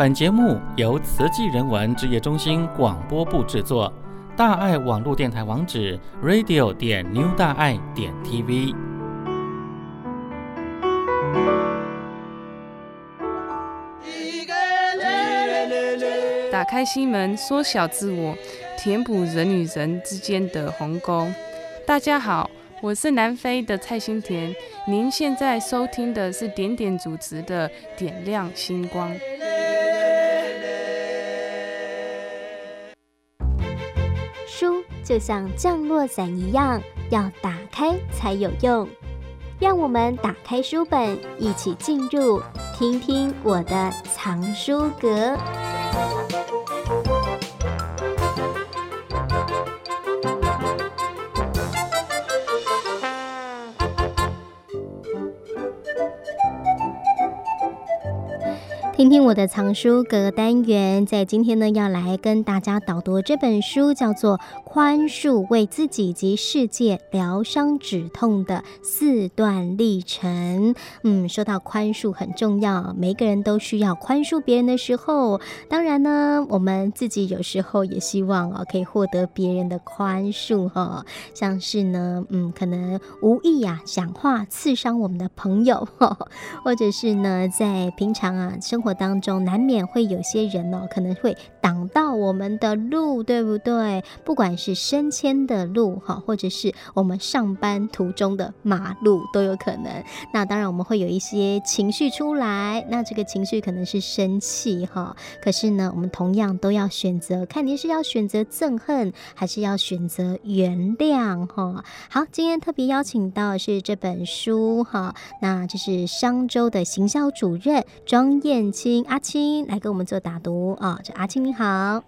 本節目由慈濟人文志業中心廣播部制作。大愛網絡電台網址：radio. 點 new 大愛點 tv。打開心門，縮小自我，填補人與人之間的鴻溝。大家好，我是南非的蔡心田。您現在收聽的是點點主持的《點亮星光》。就像降落傘一樣，要打開才有用。讓我們打開書本，一起進入，聽聽我的藏書閣。聽聽我的藏書閣單元，在今天呢，要來跟大家導讀這本書，叫做。寬恕為自己及世界療傷止痛的四段歷程。嗯，說到寬恕很重要，每個人都需要寬恕別人的時候，當然呢，我們自己有時候也希望哦，可以獲得別人的寬恕哈。像是呢，嗯，可能無意啊，講話刺傷我們的朋友，或者是呢，在平常啊生活當中，難免會有些人哦，可能會擋到我們的路，對不對？不管。是升遷的路哈，或者是我們上班途中的馬路都有可能。那當然我們會有一些情緒出來，那這個情緒可能是生氣哈。可是呢，我們同樣都要選擇，看您是要選擇憎恨，還是要選擇原諒哈。好，今天特別邀請到的是這本書哈，那就是商周的行銷主任莊晏青阿青來跟我們做打讀啊，這阿青你好。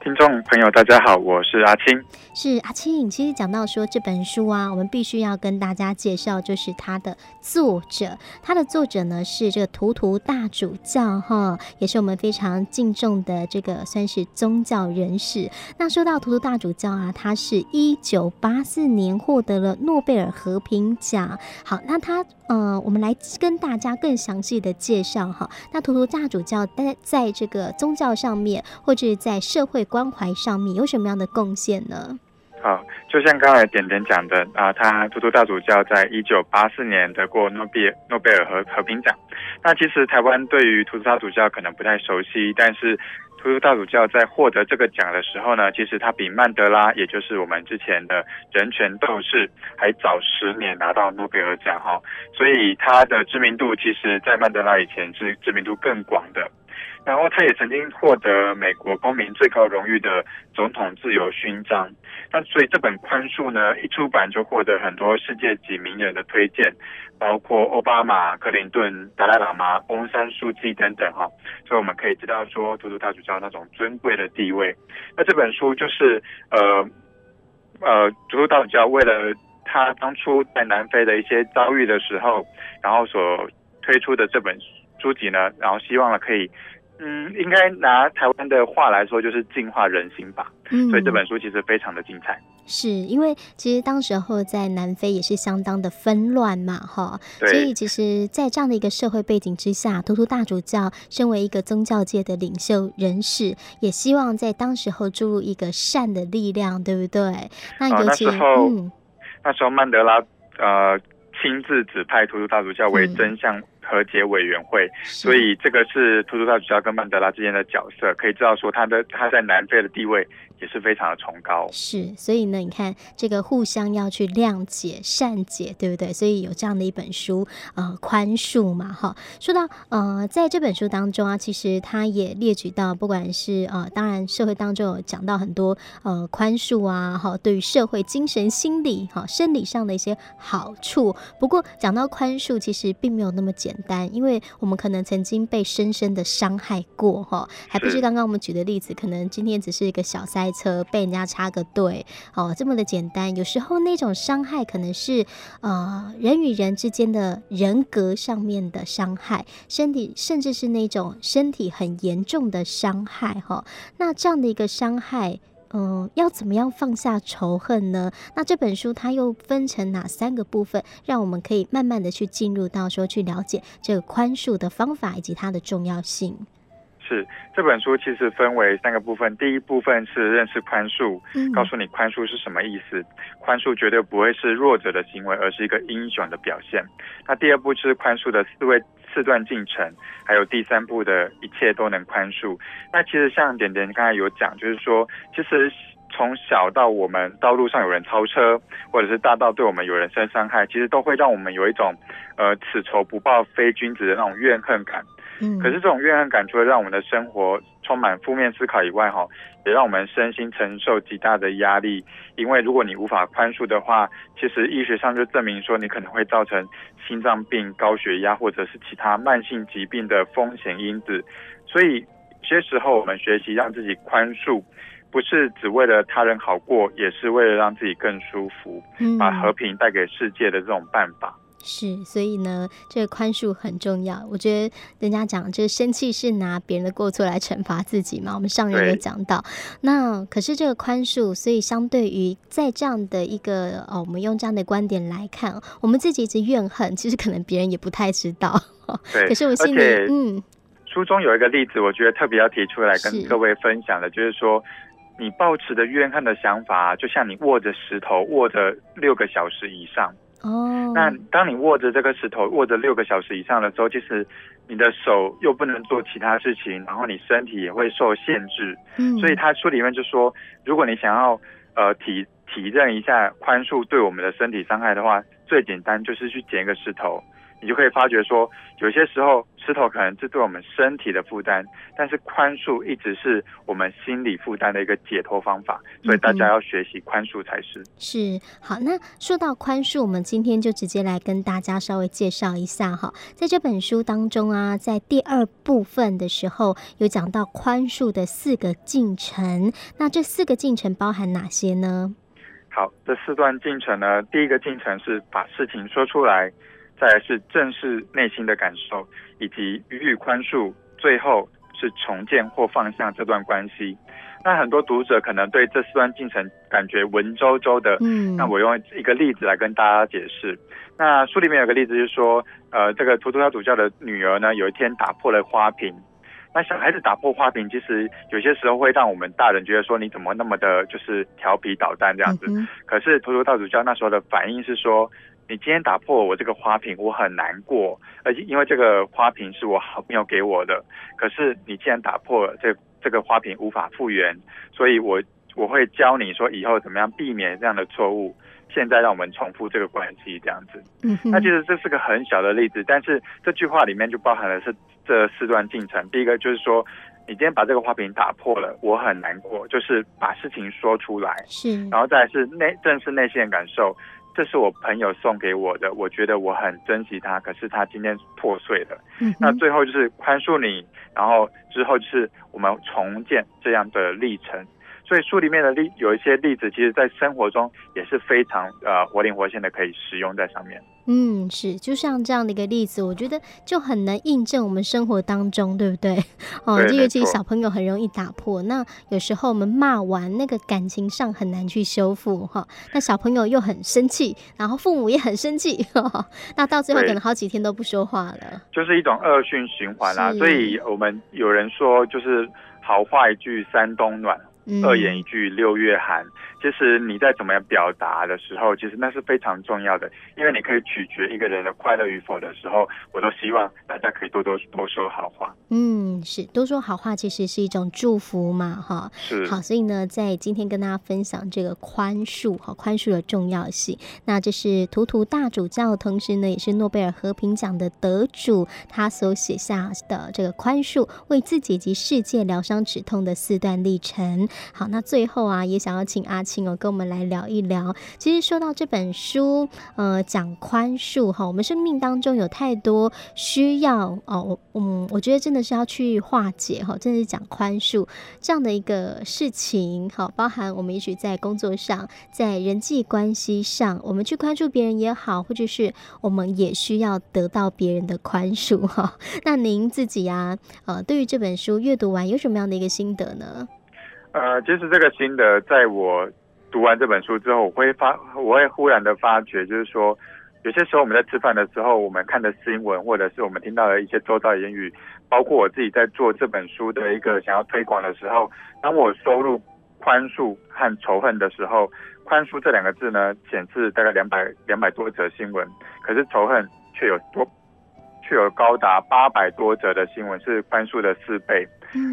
聽眾朋友，大家好，我是阿青。是阿青，其實講到說這本書啊，我們必須要跟大家介紹，就是它的作者。它的作者呢是這個圖圖大主教，哈，也是我們非常敬重的這個算是宗教人士。那說到圖圖大主教啊，他是一九八四年獲得了諾貝爾和平獎。好，那他呃，我們來跟大家更詳細的介紹哈。那圖圖大主教在在這個宗教上面，或者是在社會，關懷上面有什麼樣的貢獻呢？好，就像剛才點點講的啊，他圖圖大主教在一九八四年得過諾貝爾諾貝爾和和平獎。那其實台灣對於圖圖大主教可能不太熟悉，但是圖圖大主教在獲得這個獎的時候呢，其實他比曼德拉，也就是我們之前的人權鬥士，還早十年拿到諾貝爾獎哈。所以他的知名度，其實，在曼德拉以前，是知名度更廣的。然後他也曾經獲得美國公民最高榮譽的總統自由勳章。那所以這本《寬恕》呢，一出版就獲得很多世界級名人的推薦，包括奧巴馬、克林頓、達賴喇嘛、翁山蘇姬等等哈、啊。所以我們可以知道說，圖圖大主教那種尊貴的地位。那這本書就是呃呃，呃圖圖大主教為了他當初在南非的一些遭遇的時候，然後所推出的這本書。書籍呢，然後希望呢可以，嗯，應該拿台灣的話來說，就是淨化人心吧。嗯，所以這本書其實非常的精彩。是，因為其實當時候在南非也是相當的紛亂嘛，哈。對。所以，其實，在這樣的一個社會背景之下，圖圖大主教身為一個宗教界的領袖人士，也希望在當時候注入一個善的力量，對不對？那尤其、呃那時候嗯、那時候曼德拉呃親自指派圖圖大主教為真相。嗯和解委員會，所以這個是圖圖大主教跟曼德拉之間的角色，可以知道說他的他在南非的地位。也是非常的崇高，是，所以呢，你看這個互相要去諒解、善解，對不對？所以有這樣的一本書，呃，寬恕嘛，哈。說到呃，在這本書當中啊，其實它也列舉到，不管是呃，當然社會當中有講到很多呃，寬恕啊，哈，對於社會、精神、心理、哈、生理上的一些好處。不過講到寬恕，其實並沒有那麼簡單，因為我們可能曾經被深深的傷害過，哈，還不是剛剛我們舉的例子，可能今天只是一個小災。被人家插個隊，哦，這麼的簡單。有時候那種傷害可能是，呃，人與人之間的人格上面的傷害，身體甚至是那種身體很嚴重的傷害，哈、哦。那這樣的一個傷害，嗯、呃，要怎麼樣放下仇恨呢？那這本書它又分成哪三個部分，讓我們可以慢慢的去進入到說去了解這個寬恕的方法以及它的重要性。是這本書其實分為三個部分，第一部分是認識寬恕、嗯，告訴你寬恕是什麼意思，寬恕絕對不會是弱者的行為，而是一個英雄的表現。那第二部就是寬恕的四位四段進程，還有第三部的一切都能寬恕。那其實像點點剛才有講，就是說其實從小到我們道路上有人超車，或者是大到對我們有人身傷害，其實都會讓我們有一種呃此仇不報非君子的那種怨恨感。嗯，可是這種怨恨感除了讓我們的生活充滿負面思考以外，哈，也讓我們身心承受極大的壓力。因為如果你無法寬恕的話，其實醫學上就證明說，你可能會造成心臟病、高血壓或者是其他慢性疾病的風險因子。所以，有些時候我們學習讓自己寬恕，不是只為了他人好過，也是為了讓自己更舒服，把和平帶給世界的這種辦法。是，所以呢，這個寬恕很重要。我覺得人家講，這、就、個、是、生氣是拿別人的過錯來懲罰自己嘛。我們上一集也講到，那可是這個寬恕，所以相對於在這樣的一個哦，我們用這樣的觀點來看，我們自己一直怨恨，其實可能別人也不太知道、哦。對，可是我心裡嗯。書中有一個例子，我覺得特別要提出來跟各位分享的，是就是說，你抱持的怨恨的想法、啊，就像你握着石頭握着六個小時以上。哦，那當你握着這個石頭握着六個小時以上的時候，其實你的手又不能做其他事情，然後你身體也會受限制。嗯，所以他書裡面就說，如果你想要呃體體認一下寬恕對我們的身體傷害的話，最簡單就是去撿一個石頭。你就可以發覺說，有些時候石頭可能是對我們身體的負擔，但是寬恕一直是我們心理負擔的一個解脫方法，所以大家要學習寬恕才是。嗯嗯。是，好，那說到寬恕，我們今天就直接來跟大家稍微介紹一下哈，在這本書當中啊，在第二部分的時候有講到寬恕的四個進程，那這四個進程包含哪些呢？好，這四段進程呢，第一個進程是把事情說出來。再來是正視內心的感受，以及予以寬恕，最後是重建或放下這段關係。那很多讀者可能對這四段進程感覺文縐縐的。嗯，那我用一個例子來跟大家解釋。那書裡面有個例子，就是說，呃，這個圖圖大主教的女兒呢，有一天打破了花瓶。那小孩子打破花瓶，其實有些時候會讓我們大人覺得說，你怎麼那麼的，就是調皮搗蛋這樣子。嗯，可是圖圖大主教那時候的反應是說。你今天打破我這個花瓶，我很難過，而且因為這個花瓶是我好朋友給我的。可是你既然打破了這這個花瓶，無法復原，所以我我會教你說以後怎麼樣避免這樣的錯誤。現在讓我們重復這個關係這樣子。嗯哼，那其實這是個很小的例子，但是這句話裡面就包含了這這四段歷程。第一個就是說，你今天把這個花瓶打破了，我很難過，就是把事情說出來。是。然後再來是內，正視內心的感受。這是我朋友送給我的，我覺得我很珍惜它，可是它今天破碎了。嗯、那最後就是寬恕你，然後之後就是我們重建這樣的歷程。所以書裡面的例有一些例子，其實在生活中也是非常呃，活靈活現的，可以使用在上面。嗯，是，就像這樣的一個例子，我覺得就很能印證我們生活當中，對不對？嗯、哦，因為這個小朋友很容易打破。那有時候我們罵完，那個感情上很難去修復哈、哦。那小朋友又很生氣，然後父母也很生氣、哦，那到最後可能好幾天都不說話了。就是一種惡性循環啦、啊。所以我們有人說，就是好話一句三冬暖。惡言一句，六月寒。其實你在怎麼樣表達的時候，其實那是非常重要的，因為你可以取決一個人的快樂與否的時候，我都希望大家可以多多多說好話。嗯，是，多說好話其實是一種祝福嘛，哈。是。好，所以呢，在今天跟大家分享這個寬恕和寬恕的重要性。那這是圖圖大主教，同時呢也是諾貝爾和平獎的得主，他所寫下的這個寬恕，為自己及世界療傷止痛的四段歷程。好，那最後啊，也想要請阿。請哦跟我們來聊一聊。其實說到這本書，呃，講寬恕哈，我們生命當中有太多需要哦，嗯、呃，我覺得真的是要去化解哈，真的是講寬恕這樣的一個事情好，包含我們也許在工作上，在人際關係上，我們去寬恕別人也好，或者是我們也需要得到別人的寬恕哈。那您自己啊，呃，對於這本書閱讀完有什麼樣的一個心得呢？呃，其實這個心得在我。讀完這本書之後，我會發，我會忽然的發覺，就是說，有些時候我們在吃飯的時候，我們看的新聞，或者是我們聽到的一些周遭言語，包括我自己在做這本書的一個想要推廣的時候，當我收入寬恕和仇恨的時候，寬恕這兩個字呢，顯示大概兩百兩百多則新聞，可是仇恨卻有多，卻有高達八百多則的新聞，是寬恕的四倍。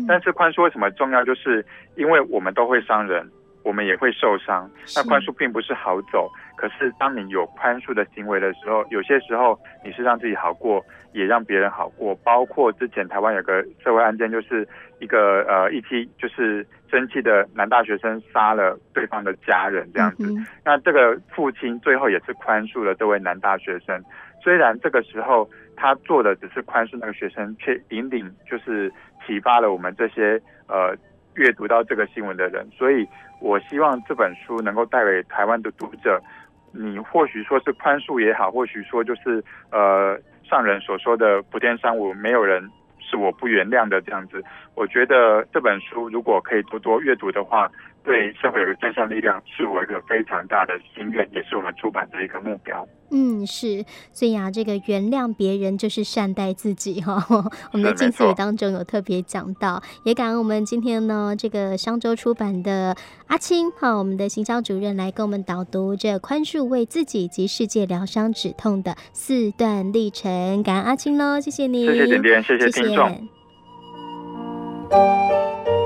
但是寬恕為什麼重要？就是因為我們都會傷人。我們也會受傷，那寬恕並不是好走是。可是當你有寬恕的行為的時候，有些時候你是讓自己好過，也讓別人好過。包括之前台灣有個社會案件，就是一個呃，一批就是生氣的男大學生殺了對方的家人這樣子。Mm -hmm. 那這個父親最後也是寬恕了這位男大學生，雖然這個時候他做的只是寬恕那個學生，卻引領就是啟發了我們這些呃。閱讀到這個新聞的人，所以我希望這本書能夠帶給台灣的讀者，你或許說是寬恕也好，或許說就是呃上人所說的普天三無，沒有人是我不原諒的這樣子。我覺得這本書如果可以多多閱讀的話，對社會有個正向力量，是我一個非常大的心願，也是我們出版的一個目標。嗯，是，所以啊，這個原諒別人就是善待自己哈。我們的靜思語當中有特別講到，也感恩我們今天呢，這個商周出版的阿青哈，我們的行銷主任來跟我們導讀這《寬恕為自己及世界療傷止痛》的四段歷程。感恩阿青嘍，謝謝您，謝謝點點，謝謝聽眾，謝謝